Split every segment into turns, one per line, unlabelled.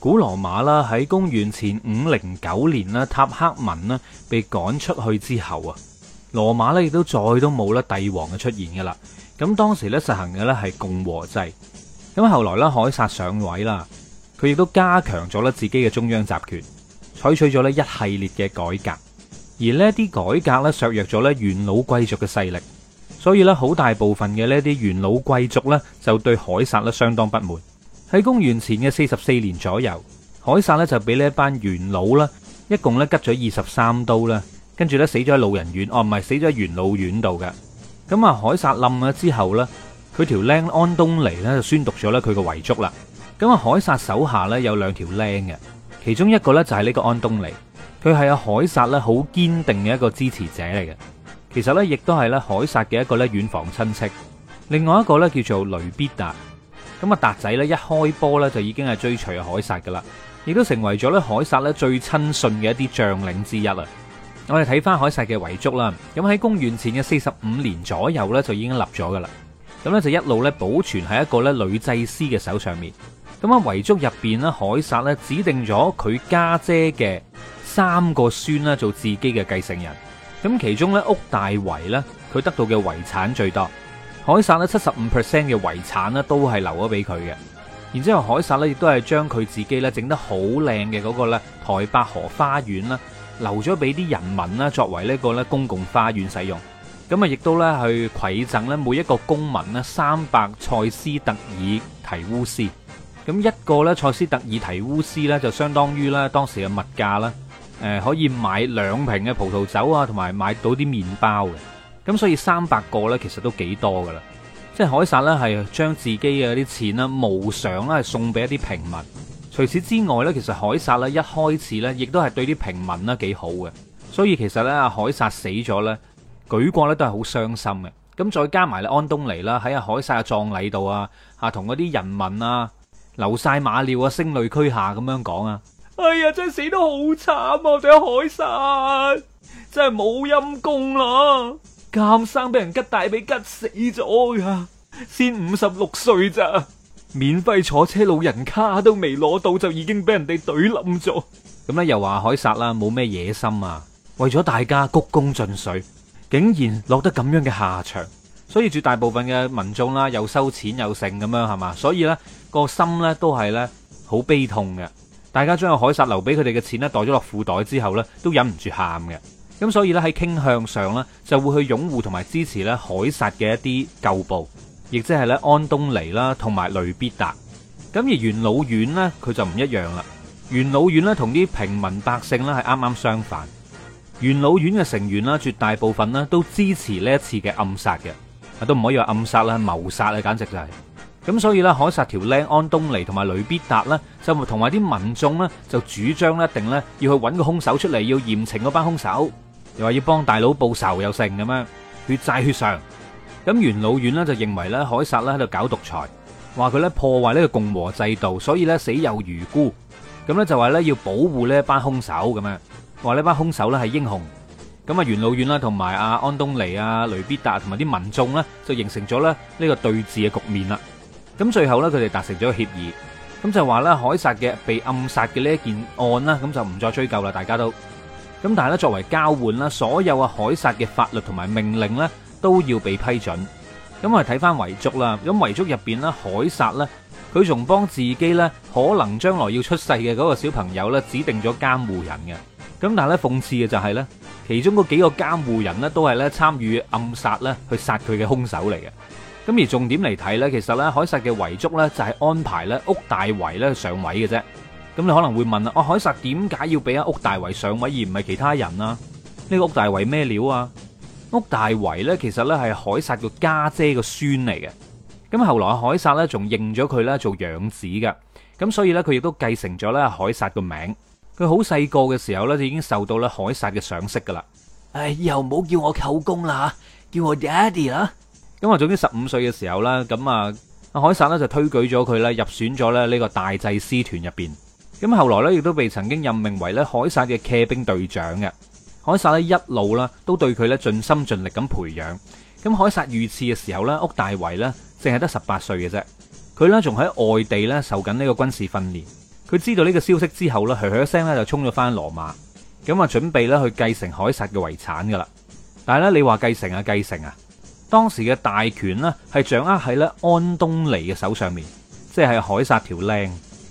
古羅馬啦，喺公元前五零九年啦，塔克文呢被趕出去之後啊，羅馬呢亦都再都冇啦帝王嘅出現噶啦。咁當時咧實行嘅咧係共和制。咁後來咧凱撒上位啦，佢亦都加強咗咧自己嘅中央集權，採取咗呢一系列嘅改革。而呢啲改革咧削弱咗咧元老貴族嘅勢力，所以咧好大部分嘅呢啲元老貴族呢，就對凱撒咧相當不滿。喺公元前嘅四十四年左右，凱撒咧就俾呢一班元老啦，一共咧㓤咗二十三刀啦，跟住咧死咗喺老人院，哦唔係死咗喺元老院度嘅。咁啊，凱撒冧咗之後咧，佢條僆安東尼咧就宣讀咗咧佢嘅遺囑啦。咁啊，凱撒手下咧有兩條僆嘅，其中一個咧就係呢個安東尼，佢係啊凱撒咧好堅定嘅一個支持者嚟嘅，其實咧亦都係咧凱撒嘅一個咧遠房親戚。另外一個咧叫做雷必達。咁啊，達仔咧一開波咧就已經係追隨海薩噶啦，亦都成為咗咧海薩咧最親信嘅一啲將領之一啦。我哋睇翻海薩嘅遺囑啦，咁喺公元前嘅四十五年左右咧就已經立咗噶啦，咁咧就一路咧保存喺一個咧女祭司嘅手上面。咁啊遺囑入邊咧，海薩咧指定咗佢家姐嘅三個孫啦做自己嘅繼承人。咁其中咧屋大維咧，佢得到嘅遺產最多。凱撒咧七十五 percent 嘅遺產咧都係留咗俾佢嘅，然之後凱撒咧亦都係將佢自己咧整得好靚嘅嗰個咧台伯河花園啦，留咗俾啲人民啦作為呢個咧公共花園使用，咁啊亦都咧去饋贈咧每一個公民呢，三百塞斯特爾提烏斯，咁一個咧塞斯特爾提烏斯咧就相當於咧當時嘅物價啦，誒可以買兩瓶嘅葡萄酒啊，同埋買到啲麵包嘅。咁所以三百個呢，其實都幾多噶啦。即係凱撒呢，係將自己嘅啲錢啦、無償啦，係送俾一啲平民。除此之外呢，其實凱撒呢，一開始呢，亦都係對啲平民咧幾好嘅。所以其實呢，阿凱撒死咗呢，舉國呢，都係好傷心嘅。咁再加埋阿安東尼啦，喺阿凱撒嘅葬禮度啊，吓同嗰啲人民啊，流晒馬尿啊，聲淚俱下咁樣講啊。哎呀，真係死得好慘啊！我哋阿凱撒真係冇陰功啦。監生俾人吉大髀，吉死咗呀，先五十六歲咋，免費坐車老人卡都未攞到，就已經俾人哋懟冧咗。咁咧又話凱撒啦，冇咩野心啊，為咗大家鞠躬盡瘁，竟然落得咁樣嘅下場。所以絕大部分嘅民眾啦，又收錢又剩咁樣係嘛？所以呢個心呢都係呢好悲痛嘅。大家將阿凱撒留俾佢哋嘅錢呢，袋咗落褲袋之後呢，都忍唔住喊嘅。咁所以咧喺傾向上咧就會去擁護同埋支持咧凱撒嘅一啲舊部，亦即係咧安東尼啦同埋雷必達。咁而元老院呢，佢就唔一樣啦。元老院呢，同啲平民百姓呢，係啱啱相反。元老院嘅成員啦，絕大部分呢，都支持呢一次嘅暗殺嘅，啊都唔可以話暗殺啦，係謀殺啊，簡直就係。咁所以咧凱撒條靚安東尼同埋雷必達呢，就同埋啲民眾呢，就主張一定呢，要去揾個兇手出嚟，要嚴懲嗰班兇手。又話要幫大佬報仇又成咁樣，血債血償。咁元老院咧就認為咧，凱撒咧喺度搞獨裁，話佢咧破壞呢個共和制度，所以咧死有餘辜。咁咧就話咧要保護呢一班兇手咁樣，話呢班兇手咧係英雄。咁啊元老院啦同埋啊安東尼啊雷必達同埋啲民眾咧就形成咗咧呢個對峙嘅局面啦。咁最後咧佢哋達成咗協議，咁就話咧凱撒嘅被暗殺嘅呢一件案啦，咁就唔再追究啦，大家都。咁但係咧，作為交換啦，所有嘅凱撒嘅法律同埋命令咧，都要被批准。咁我哋睇翻遺囑啦，咁遺囑入邊咧，凱撒咧，佢仲幫自己咧，可能將來要出世嘅嗰個小朋友咧，指定咗監護人嘅。咁但係咧，諷刺嘅就係咧，其中嗰幾個監護人咧，都係咧參與暗殺咧，去殺佢嘅兇手嚟嘅。咁而重點嚟睇咧，其實咧，凱撒嘅遺囑咧，就係安排咧屋大維咧上位嘅啫。咁你可能會問啊，阿凱撒點解要俾阿屋大維上位，而唔係其他人啊？呢個屋大維咩料啊？屋大維呢，其實呢係凱撒個家姐個孫嚟嘅。咁後來阿凱撒咧仲認咗佢呢做養子噶，咁所以呢，佢亦都繼承咗呢凱撒個名。佢好細個嘅時候呢，就已經受到呢凱撒嘅賞識噶啦。唉、哎，以後唔好叫我舅公啦，叫我爹哋啦。咁啊，總之十五歲嘅時候啦，咁啊阿凱撒咧就推舉咗佢呢，入選咗咧呢個大祭司團入邊。咁後來咧，亦都被曾經任命為咧凱撒嘅騎兵隊長嘅凱撒咧一路啦，都對佢咧盡心盡力咁培養。咁凱撒遇刺嘅時候咧，屋大維咧淨係得十八歲嘅啫，佢咧仲喺外地咧受緊呢個軍事訓練。佢知道呢個消息之後咧，噓噓聲咧就衝咗返羅馬，咁啊準備咧去繼承凱撒嘅遺產噶啦。但係咧，你話繼承啊，繼承啊，當時嘅大權咧係掌握喺咧安東尼嘅手上面，即係凱撒條靚。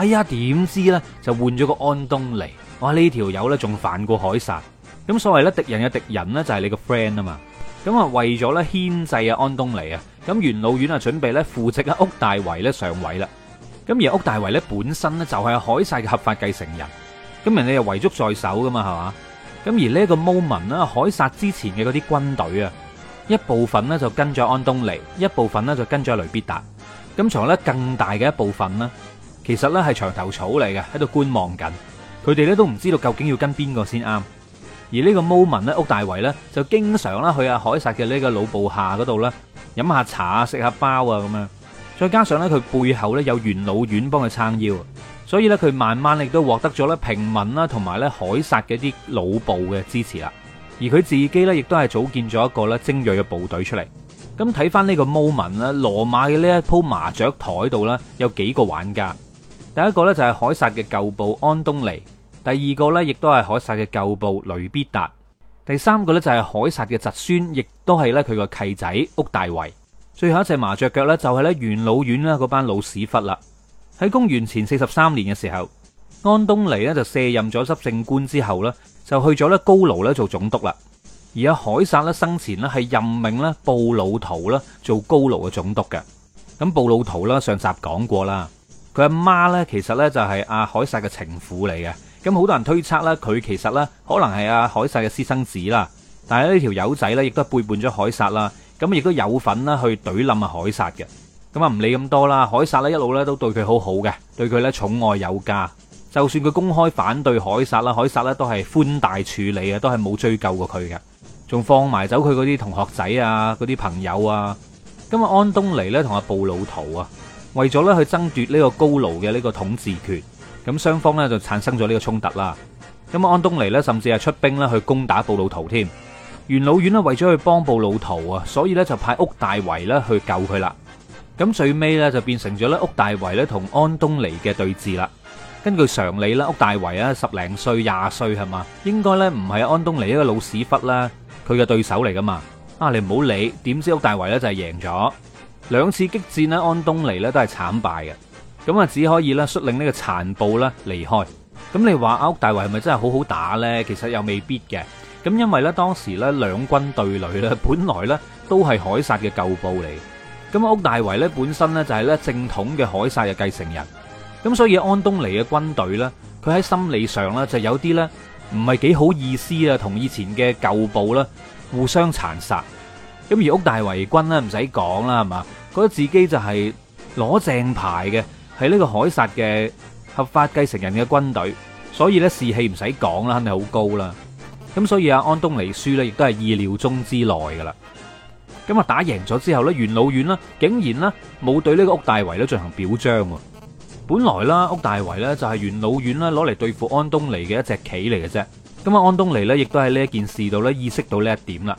哎呀，點知呢？就換咗個安東尼。我話呢條友呢，仲反過凱撒咁，所謂呢，敵人嘅敵人呢，就係你個 friend 啊嘛。咁啊為咗呢牽制啊安東尼啊，咁元老院啊準備呢，扶植啊屋大維呢上位啦。咁而屋大維呢，本身呢，就係凱撒嘅合法繼承人，咁人哋又遺囑在手噶嘛，係嘛？咁而呢個 moment 呢，凱撒之前嘅嗰啲軍隊啊，一部分呢，就跟咗安東尼，一部分呢，就跟咗雷必達。咁除咗咧更大嘅一部分呢。其實咧係牆頭草嚟嘅，喺度觀望緊。佢哋咧都唔知道究竟要跟邊個先啱。而呢個 moment 咧，屋大維呢，就經常啦去阿凱撒嘅呢個老部下嗰度啦，飲下茶啊，食下包啊咁樣。再加上呢，佢背後呢有元老院幫佢撐腰，所以呢，佢慢慢亦都獲得咗呢平民啦同埋呢凱撒嘅啲老部嘅支持啦。而佢自己呢，亦都係組建咗一個咧精銳嘅部隊出嚟。咁睇返呢個 moment 呢，羅馬嘅呢一鋪麻雀台度呢，有幾個玩家。第一個咧就係凱撒嘅舊部安東尼，第二個咧亦都係凱撒嘅舊部雷必達，第三個咧就係凱撒嘅侄孫，亦都係咧佢個契仔屋大維。最後一隻麻雀腳咧就係咧元老院啦嗰班老屎忽啦。喺公元前四十三年嘅時候，安東尼咧就卸任咗執政官之後咧，就去咗咧高盧咧做總督啦。而家凱撒咧生前咧係任命咧布魯圖咧做高盧嘅總督嘅。咁布魯圖啦，上集講過啦。佢阿媽呢，其實呢就係阿凱撒嘅情婦嚟嘅，咁好多人推測呢，佢其實呢可能係阿凱撒嘅私生子啦，但係呢條友仔呢，亦都背叛咗凱撒啦，咁亦都有份呢去懟冧阿凱撒嘅，咁啊唔理咁多啦，凱撒呢一路呢都對佢好好嘅，對佢呢寵愛有加，就算佢公開反對凱撒啦，凱撒呢都係寬大處理啊，都係冇追究過佢嘅，仲放埋走佢嗰啲同學仔啊，嗰啲朋友啊，咁啊安東尼呢同阿布魯圖啊。為咗咧去爭奪呢個高盧嘅呢個統治權，咁雙方呢就產生咗呢個衝突啦。咁啊，安東尼呢，甚至係出兵咧去攻打布魯圖添。元老院咧為咗去幫布魯圖啊，所以呢就派屋大維呢去救佢啦。咁最尾呢就變成咗咧屋大維咧同安東尼嘅對峙啦。根據常理啦，屋大維啊十零歲廿歲係嘛，應該咧唔係安東尼一個老屎忽啦佢嘅對手嚟噶嘛。啊，你唔好理，點知屋大維咧就係贏咗。兩次激戰呢，安東尼咧都係慘敗嘅，咁啊只可以咧率領呢個殘部咧離開。咁你話屋大維係咪真係好好打呢？其實又未必嘅。咁因為呢，當時呢兩軍對壘咧，本來呢都係凱撒嘅舊部嚟。咁阿屋大維呢本身呢，就係呢正統嘅凱撒嘅繼承人。咁所以安東尼嘅軍隊呢，佢喺心理上呢就有啲呢唔係幾好意思啊，同以前嘅舊部呢互相殘殺。咁而屋大維軍呢，唔使講啦，係嘛？覺得自己就係攞正牌嘅，係呢個凱撒嘅合法繼承人嘅軍隊，所以呢士氣唔使講啦，肯定好高啦。咁所以啊安東尼輸呢亦都係意料中之內噶啦。咁啊，打贏咗之後呢，元老院呢竟然呢冇對呢個屋大維咧進行表彰喎。本來啦，屋大維呢就係元老院咧攞嚟對付安東尼嘅一隻棋嚟嘅啫。咁啊，安東尼呢亦都喺呢一件事度呢意識到呢一點啦。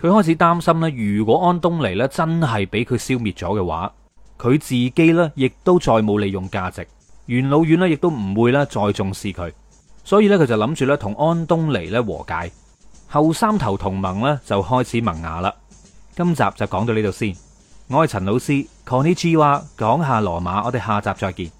佢開始擔心咧，如果安東尼咧真係俾佢消滅咗嘅話，佢自己咧亦都再冇利用價值，元老院咧亦都唔會咧再重視佢，所以咧佢就諗住咧同安東尼咧和解，後三頭同盟咧就開始萌芽啦。今集就講到呢度先，我係陳老師，Conny G 話講下羅馬，我哋下集再見。